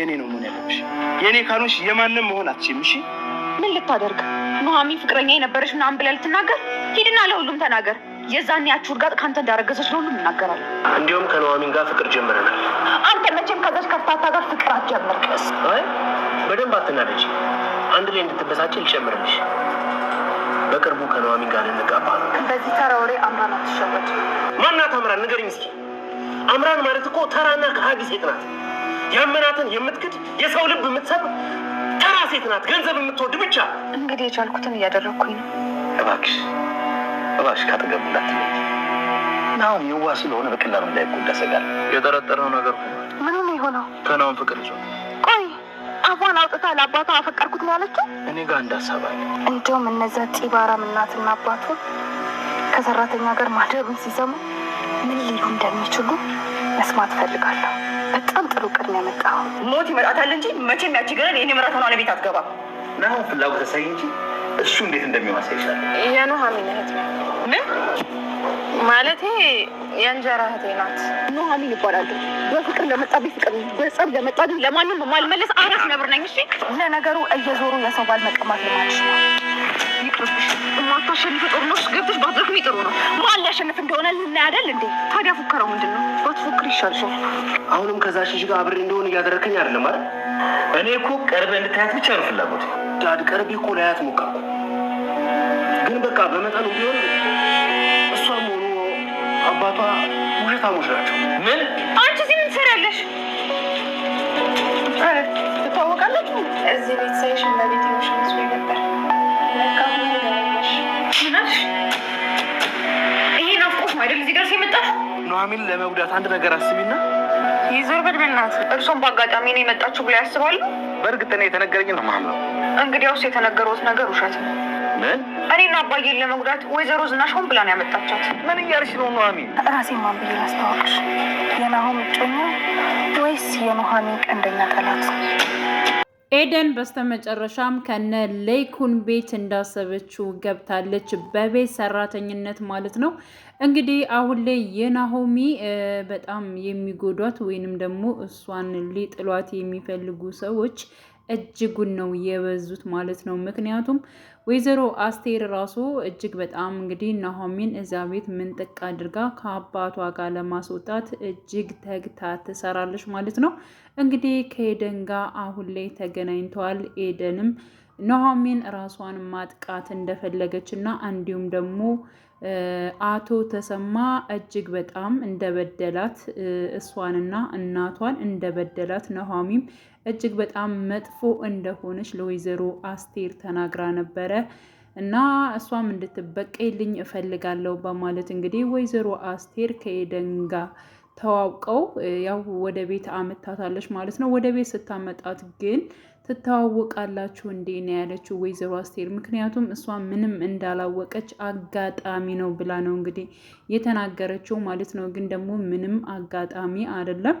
የኔ ነው መሆን ያለብሽ። የእኔ ካልሆንሽ የማንም መሆን አትችይም። እሺ ምን ልታደርግ ኑሐሚ ፍቅረኛ የነበረች ምናምን ብለህ ልትናገር ሂድና ለሁሉም ተናገር። የዛን ያች ውርጋጥ ከአንተ እንዳረገዘች ለሁሉም እናገራለን። እንዲሁም ከኑሐሚን ጋር ፍቅር ጀምረናል። አንተ መቼም ከዛች ከፍታታ ጋር ፍቅር አትጀምርቅስ። አይ በደንብ አትናደጅ። አንድ ላይ እንድትበሳጭ ልጨምርልሽ። በቅርቡ ከኑሐሚን ጋር ልንጋባ ነው። በዚህ ተራ ወሬ አምራን አትሸወድ። ማናት አምራን? ንገሪኝ እስኪ። አምራን ማለት እኮ ተራና ከሀጊ ሴት ናት። ያመናትን የምትክድ የሰው ልብ የምትሰብ ተራ ሴት ናት። ገንዘብ የምትወድ ብቻ። እንግዲህ የቻልኩትን እያደረግኩኝ ነው። እባክሽ እባክሽ ካጠገቡ እንዳትለይ። ናሁም የዋ ስለሆነ በቀላሉ እንዳይጎዳ እሰጋለሁ። የጠረጠረው ነገር ምን የሆነው ከናሁን ፍቅር ይዞ ቆይ አፏን አውጥታ ለአባቷ አፈቀርኩት ነው ያለችው። እኔ ጋር አንድ እንዲሁም እነዛ ጢባራም እናትና አባቱ ከሰራተኛ ጋር ማደሩን ሲሰሙ ምን ሊሉ እንደሚችሉ መስማት እፈልጋለሁ። በጣም ጥሩ ቅድ ነው ሞት ይመጣታል እንጂ መቼም ያቺ ገረድ የኔ ምራት ሆኗ ለቤት አትገባም። ናሁን ፍላጎት ሳይ እንጂ እሱ እንዴት እንደሚዋሳ ይሻል። የኑሃሚን እህት ምን ማለት የእንጀራ እህቴ ናት። ኑሃሚን ይባላሉ። በፍቅር ለመጣ በፍቅር በጸብ ለመጣ ለማንም ማልመለስ አራስ ነብር ነኝ። እሺ ለነገሩ እየዞሩ የሰው ባል መቀማት ልማድሽ ማታሸንፍ ጦርነት ገብተሽ ባትረክም ይጥሩ ነው። ማን ሊያሸንፍ እንደሆነ ልናያደል እንዴ? ታዲያ ፉከረው ምንድን ነው? ይሻል ሰው አሁንም ከዛ ሽሽ ጋር አብሬ እንደሆነ እያደረከኝ አይደለም አይደል? እኔ እኮ ቀርበህ እንድታያት ብቻ ነው ፍላጎት። ዳድ ቀርቤ እኮ ላያት ሞከርኩ፣ ግን በቃ በመጠኑ ቢሆን እሷም ሆኑ አባቷ ውሸታሞች ናቸው። ምን አንቺ እዚህ ምን ትሰሪያለሽ? ትታወቃለች እዚህ ቤት ሳይሽ ኑሐሚን ለመጉዳት አንድ ነገር አስቢና ይዞር በድብናት እርሶም በአጋጣሚ ነው የመጣችሁ ብላ ያስባሉ። በእርግጥ እኔ የተነገረኝ ነው ማምነው። እንግዲያውስ የተነገሩት ነገር ውሸት ነው። ምን? እኔና አባዬን ለመጉዳት ወይዘሮ ዝናሽ ሆን ብላ ነው ያመጣቻት። ምን እያልሽ ነው ኑሐሚን? ራሴ ማን ብዬ ላስተዋወቅሽ? የናሆም እጮኛ ወይስ የኑሐሚን ቀንደኛ ጠላት? ኤደን በስተመጨረሻም ከነ ሌይኩን ቤት እንዳሰበችው ገብታለች፣ በቤት ሰራተኝነት ማለት ነው። እንግዲህ አሁን ላይ የናሆሚ በጣም የሚጎዷት ወይንም ደግሞ እሷን ሊጥሏት የሚፈልጉ ሰዎች እጅጉን ነው የበዙት ማለት ነው። ምክንያቱም ወይዘሮ አስቴር ራሱ እጅግ በጣም እንግዲህ ናሆሚን እዛ ቤት ምንጥቅ አድርጋ ከአባቷ ጋር ለማስወጣት እጅግ ተግታ ትሰራለች ማለት ነው። እንግዲህ ከኤደን ጋር አሁን ላይ ተገናኝተዋል። ኤደንም ናሆሚን ራሷን ማጥቃት እንደፈለገች እና እንዲሁም ደግሞ አቶ ተሰማ እጅግ በጣም እንደበደላት እሷንና እናቷን እንደበደላት ኑሃሚንም እጅግ በጣም መጥፎ እንደሆነች ለወይዘሮ አስቴር ተናግራ ነበረ እና እሷም እንድትበቀልኝ እፈልጋለሁ በማለት እንግዲህ ወይዘሮ አስቴር ከኤደን ጋር ተዋውቀው ያው ወደ ቤት አመታታለች ማለት ነው። ወደ ቤት ስታመጣት ግን ትተዋወቃላችሁ እንዴ ነው ያለችው ወይዘሮ አስቴር። ምክንያቱም እሷ ምንም እንዳላወቀች አጋጣሚ ነው ብላ ነው እንግዲህ የተናገረችው ማለት ነው። ግን ደግሞ ምንም አጋጣሚ አይደለም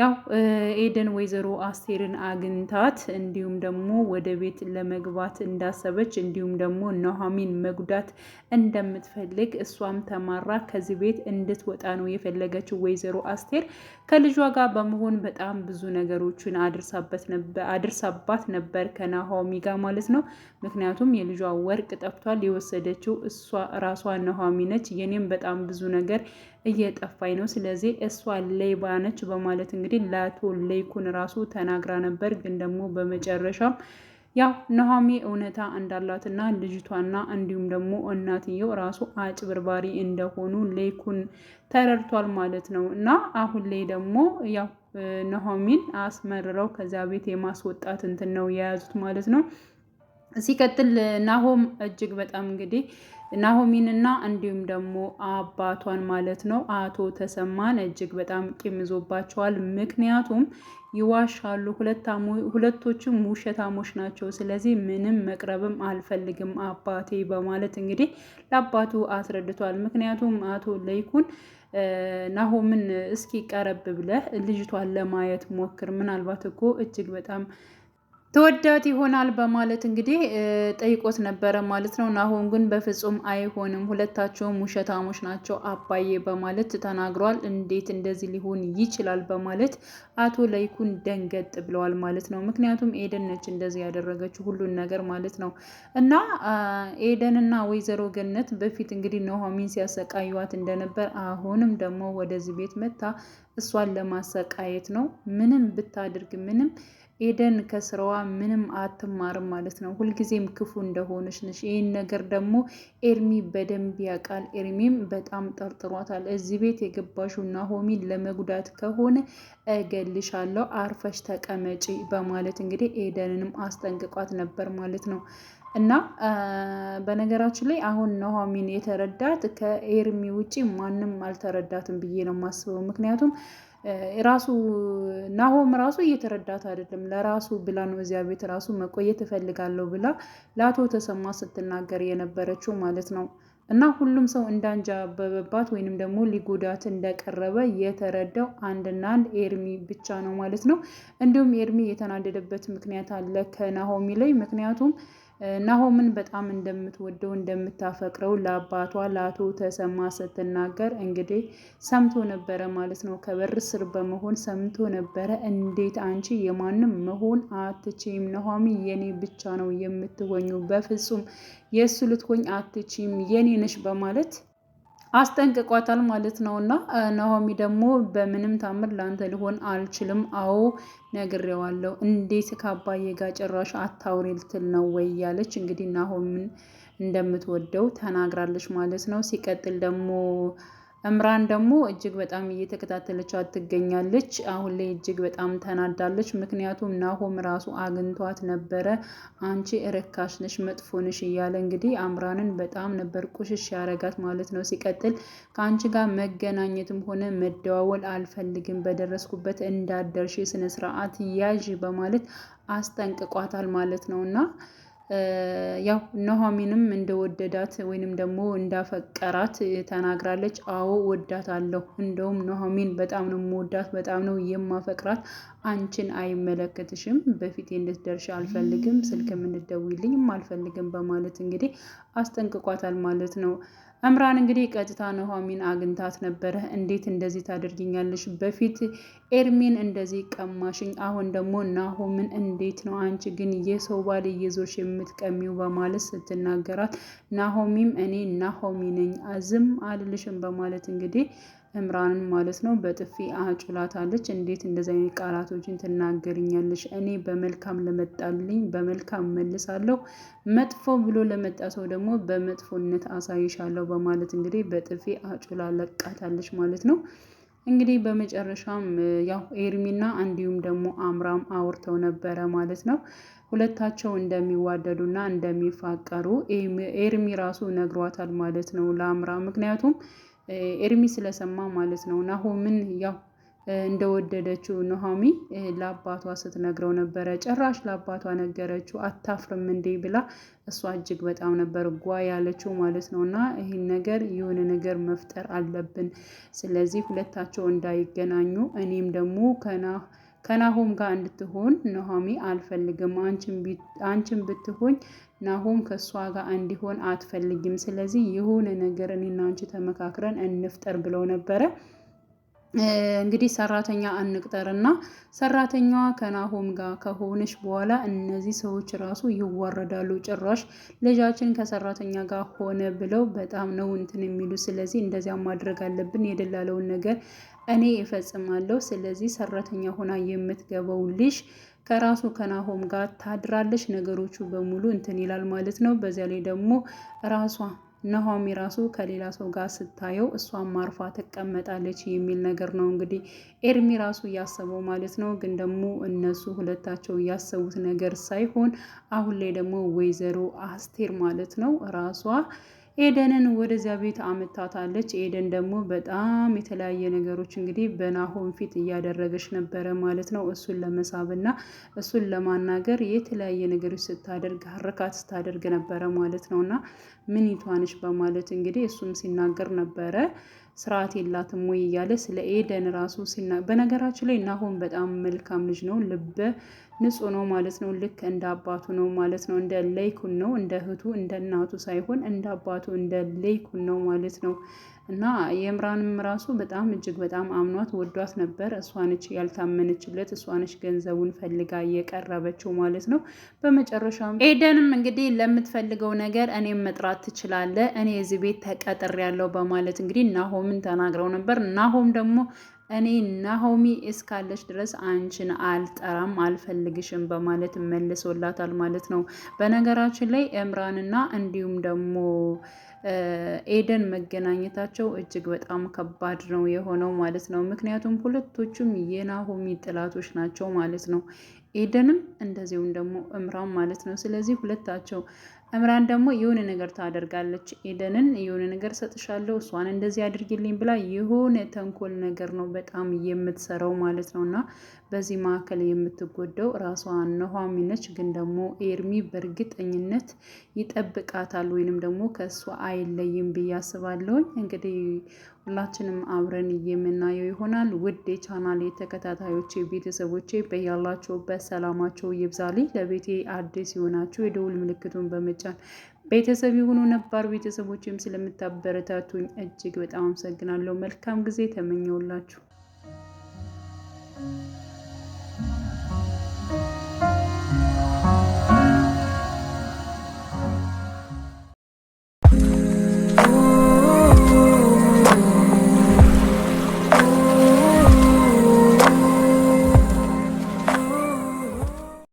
ያው ኤደን ወይዘሮ አስቴርን አግኝታት እንዲሁም ደግሞ ወደ ቤት ለመግባት እንዳሰበች እንዲሁም ደግሞ ኑሐሚን መጉዳት እንደምትፈልግ እሷም ተማራ ከዚህ ቤት እንድትወጣ ነው የፈለገችው። ወይዘሮ አስቴር ከልጇ ጋር በመሆን በጣም ብዙ ነገሮችን አድርሳባት ነበር ከኑሐሚ ጋር ማለት ነው። ምክንያቱም የልጇ ወርቅ ጠፍቷል። የወሰደችው እሷ ራሷ ኑሐሚ ነች። የኔም በጣም ብዙ ነገር እየጠፋኝ ነው። ስለዚህ እሷ ሌባ ነች በማለት እንግዲህ ለአቶ ለይኩን ራሱ ተናግራ ነበር። ግን ደግሞ በመጨረሻው ያው ነሀሜ እውነታ እንዳላትና ልጅቷና እንዲሁም ደግሞ እናትየው ራሱ አጭበርባሪ እንደሆኑ ሌኩን ተረድቷል ማለት ነው። እና አሁን ላይ ደግሞ ያው ነሀሜን አስመርረው ከዚያ ቤት የማስወጣት እንትን ነው የያዙት ማለት ነው። ሲቀጥል ናሆም እጅግ በጣም እንግዲህ ናሆሚንና እንዲሁም ደግሞ አባቷን ማለት ነው አቶ ተሰማን እጅግ በጣም ቂም ይዞባቸዋል። ምክንያቱም ይዋሻሉ፣ ሁለቶችም ውሸታሞች ናቸው። ስለዚህ ምንም መቅረብም አልፈልግም አባቴ በማለት እንግዲህ ለአባቱ አስረድቷል። ምክንያቱም አቶ ለይኩን ናሆምን እስኪ ቀረብ ብለህ ልጅቷን ለማየት ሞክር፣ ምናልባት እኮ እጅግ በጣም ተወዳት ይሆናል በማለት እንግዲህ ጠይቆት ነበረ ማለት ነው። ናሆም ግን በፍጹም አይሆንም፣ ሁለታቸውም ውሸታሞች ናቸው አባዬ በማለት ተናግሯል። እንዴት እንደዚህ ሊሆን ይችላል በማለት አቶ ለይኩን ደንገጥ ብለዋል ማለት ነው። ምክንያቱም ኤደን ነች እንደዚህ ያደረገችው ሁሉን ነገር ማለት ነው። እና ኤደንና ወይዘሮ ገነት በፊት እንግዲህ ኑሐሚን ሲያሰቃዩዋት እንደነበር አሁንም ደግሞ ወደዚህ ቤት መታ እሷን ለማሰቃየት ነው። ምንም ብታድርግ ምንም ኤደን ከስራዋ ምንም አትማርም ማለት ነው። ሁልጊዜም ክፉ እንደሆነች ነች። ይህን ነገር ደግሞ ኤርሚ በደንብ ያውቃል። ኤርሚም በጣም ጠርጥሯታል። እዚህ ቤት የገባሽው ናሆሚን ለመጉዳት ከሆነ እገልሻለሁ፣ አርፈሽ ተቀመጪ በማለት እንግዲህ ኤደንንም አስጠንቅቋት ነበር ማለት ነው። እና በነገራችን ላይ አሁን ናሆሚን የተረዳት ከኤርሚ ውጪ ማንም አልተረዳትም ብዬ ነው የማስበው ምክንያቱም ራሱ ናሆም ራሱ እየተረዳት አይደለም። ለራሱ ብላ ነው እዚያ ቤት ራሱ መቆየት እፈልጋለሁ ብላ ለአቶ ተሰማ ስትናገር የነበረችው ማለት ነው። እና ሁሉም ሰው እንዳንጃ በበባት ወይንም ደግሞ ሊጎዳት እንደቀረበ የተረዳው አንድና አንድ ኤርሚ ብቻ ነው ማለት ነው። እንዲሁም ኤርሚ የተናደደበት ምክንያት አለ ከናሆሚ ላይ ምክንያቱም ናሆምን በጣም እንደምትወደው እንደምታፈቅረው ለአባቷ ለአቶ ተሰማ ስትናገር እንግዲህ ሰምቶ ነበረ ማለት ነው። ከበር ስር በመሆን ሰምቶ ነበረ። እንዴት አንቺ የማንም መሆን አትችም፣ ናሆሚ የኔ ብቻ ነው የምትሆኙ፣ በፍጹም የእሱ ልትሆኝ አትችም፣ የኔ ነሽ በማለት አስጠንቅቋታል ማለት ነው። እና ናሆሚ ደግሞ በምንም ታምር ለአንተ ሊሆን አልችልም፣ አዎ ነግሬዋለሁ፣ እንዴት ከአባዬ ጋር ጭራሽ አታውሪ ልትል ነው ወይ እያለች እንግዲህ ናሆምን እንደምትወደው ተናግራለች ማለት ነው። ሲቀጥል ደግሞ እምራን ደግሞ እጅግ በጣም እየተከታተለቻት ትገኛለች። አሁን ላይ እጅግ በጣም ተናዳለች። ምክንያቱም ናሆም ራሱ አግኝቷት ነበረ። አንቺ እርካሽ ነሽ፣ መጥፎ ነሽ እያለ እንግዲህ አምራንን በጣም ነበር ቁሽሽ ያረጋት ማለት ነው። ሲቀጥል ከአንቺ ጋር መገናኘትም ሆነ መደዋወል አልፈልግም፣ በደረስኩበት እንዳደርሽ ስነስርዓት ያዥ በማለት አስጠንቅቋታል ማለት ነው እና ያው ኑሐሚንም እንደወደዳት ወይንም ደግሞ እንዳፈቀራት ተናግራለች። አዎ አለሁ እንደውም ኑሐሚን በጣም ነው የምወዳት፣ በጣም ነው የማፈቅራት። አንቺን አይመለከትሽም፣ በፊቴ እንድትደርሽ አልፈልግም፣ ስልክ የምንደውይልኝም አልፈልግም በማለት እንግዲህ አስጠንቅቋታል ማለት ነው። እምራን እንግዲህ ቀጥታ ኑሐሚን አግኝታት ነበረ። እንዴት እንደዚህ ታደርግኛለሽ? በፊት ኤርሚን እንደዚህ ቀማሽኝ፣ አሁን ደግሞ ናሆምን እንዴት ነው አንቺ ግን የሰው ባል እየዞርሽ የምትቀሚው? በማለት ስትናገራት ናሆሚም እኔ ናሆሚ ነኝ አዝም አልልሽም በማለት እንግዲህ እምራንን ማለት ነው በጥፊ አጩላታለች። እንዴት እንደዚህ አይነት ቃላቶችን ትናገርኛለች? እኔ በመልካም ለመጣልኝ በመልካም መልሳለሁ፣ መጥፎ ብሎ ለመጣ ሰው ደግሞ በመጥፎነት አሳይሻለሁ በማለት እንግዲህ በጥፊ አጩላ ለቃታለች ማለት ነው። እንግዲህ በመጨረሻም ያው ኤርሚና እንዲሁም ደግሞ አምራም አውርተው ነበረ ማለት ነው ሁለታቸው እንደሚዋደዱና እንደሚፋቀሩ ኤርሚ ራሱ ነግሯታል ማለት ነው ለአምራ ምክንያቱም ኤርሚ ስለሰማ ማለት ነው። ናሆምን ያው እንደወደደችው ኑሃሚ ለአባቷ ስትነግረው ነበረ። ጭራሽ ለአባቷ ነገረችው። አታፍርም እንዴ ብላ እሷ እጅግ በጣም ነበር ጓ ያለችው ማለት ነው። እና ይህን ነገር የሆነ ነገር መፍጠር አለብን። ስለዚህ ሁለታቸው እንዳይገናኙ እኔም ደግሞ ከና ከናሆም ጋር እንድትሆን ኖሃሚ አልፈልግም። አንችን ብትሆኝ ናሆም ከእሷ ጋር እንዲሆን አትፈልጊም። ስለዚህ የሆነ ነገር እኔና አንቺ ተመካክረን እንፍጠር ብለው ነበረ። እንግዲህ ሰራተኛ አንቅጠርና ሰራተኛዋ ከናሆም ጋር ከሆነች በኋላ እነዚህ ሰዎች ራሱ ይዋረዳሉ። ጭራሽ ልጃችን ከሰራተኛ ጋር ሆነ ብለው በጣም ነው እንትን የሚሉ። ስለዚህ እንደዚያ ማድረግ አለብን። የደላለውን ነገር እኔ እፈጽማለሁ። ስለዚህ ሰራተኛ ሆና የምትገባው ልጅ ከራሱ ከናሆም ጋር ታድራለች። ነገሮቹ በሙሉ እንትን ይላል ማለት ነው። በዚያ ላይ ደግሞ ራሷ ናሆሚ ራሱ ከሌላ ሰው ጋር ስታየው እሷም ማርፋ ትቀመጣለች የሚል ነገር ነው እንግዲህ ኤርሚ ራሱ እያሰበው ማለት ነው። ግን ደግሞ እነሱ ሁለታቸው እያሰቡት ነገር ሳይሆን አሁን ላይ ደግሞ ወይዘሮ አስቴር ማለት ነው ራሷ ኤደንን ወደዚያ ቤት አመታታለች። ኤደን ደግሞ በጣም የተለያየ ነገሮች እንግዲህ በናሆም ፊት እያደረገች ነበረ ማለት ነው። እሱን እና እሱን ለማናገር የተለያየ ነገሮች ስታደርግ ሀረካት ስታደርግ ነበረ ማለት ነው። እና ምን ይቷንች በማለት እንግዲህ እሱም ሲናገር ነበረ ስርዓት የላትም ወይ እያለ ስለ ኤደን ራሱ ሲና በነገራችን ላይ ናሆም በጣም መልካም ልጅ ነው። ልበ ንጹህ ነው ማለት ነው። ልክ እንደ አባቱ ነው ማለት ነው። እንደ ለይኩን ነው እንደ እህቱ እንደ እናቱ ሳይሆን እንደ አባቱ እንደ ለይኩን ነው ማለት ነው። እና የምራንም ራሱ በጣም እጅግ በጣም አምኗት ወዷት ነበር። እሷነች ያልታመነችለት፣ እሷነች ገንዘቡን ፈልጋ እየቀረበችው ማለት ነው። በመጨረሻም ኤደንም እንግዲህ ለምትፈልገው ነገር እኔም መጥራት ትችላለ እኔ እዚህ ቤት ተቀጥር ያለው በማለት እንግዲህ ናሆምን ተናግረው ነበር። ናሆም ደግሞ እኔ ናሆሚ እስካለች ድረስ አንቺን አልጠራም አልፈልግሽም በማለት መልሶላታል ማለት ነው። በነገራችን ላይ እምራንና እንዲሁም ደግሞ ኤደን መገናኘታቸው እጅግ በጣም ከባድ ነው የሆነው ማለት ነው። ምክንያቱም ሁለቶቹም የናሆሚ ጥላቶች ናቸው ማለት ነው። ኤደንም እንደዚሁም ደግሞ እምራን ማለት ነው። ስለዚህ ሁለታቸው እምራን ደግሞ የሆነ ነገር ታደርጋለች። ኤደንን የሆነ ነገር ሰጥሻለሁ፣ እሷን እንደዚህ አድርጊልኝ ብላ የሆነ ተንኮል ነገር ነው በጣም የምትሰራው ማለት ነው። እና በዚህ መካከል የምትጎዳው ራሷ ኑሃሚ ነች። ግን ደግሞ ኤርሚ በእርግጠኝነት ይጠብቃታል ወይንም ደግሞ ከእሷ አይለይም ብዬ አስባለሁኝ እንግዲህ ሁላችንም አብረን የምናየው ይሆናል። ውድ የቻናሌ ተከታታዮች ቤተሰቦቼ በያላችሁበት ሰላማቸው ይብዛል። ለቤቴ አዲስ የሆናችሁ የደውል ምልክቱን በመጫን ቤተሰብ የሆኑ ነባር ቤተሰቦችም ስለምታበረታቱኝ እጅግ በጣም አመሰግናለሁ። መልካም ጊዜ ተመኘውላችሁ።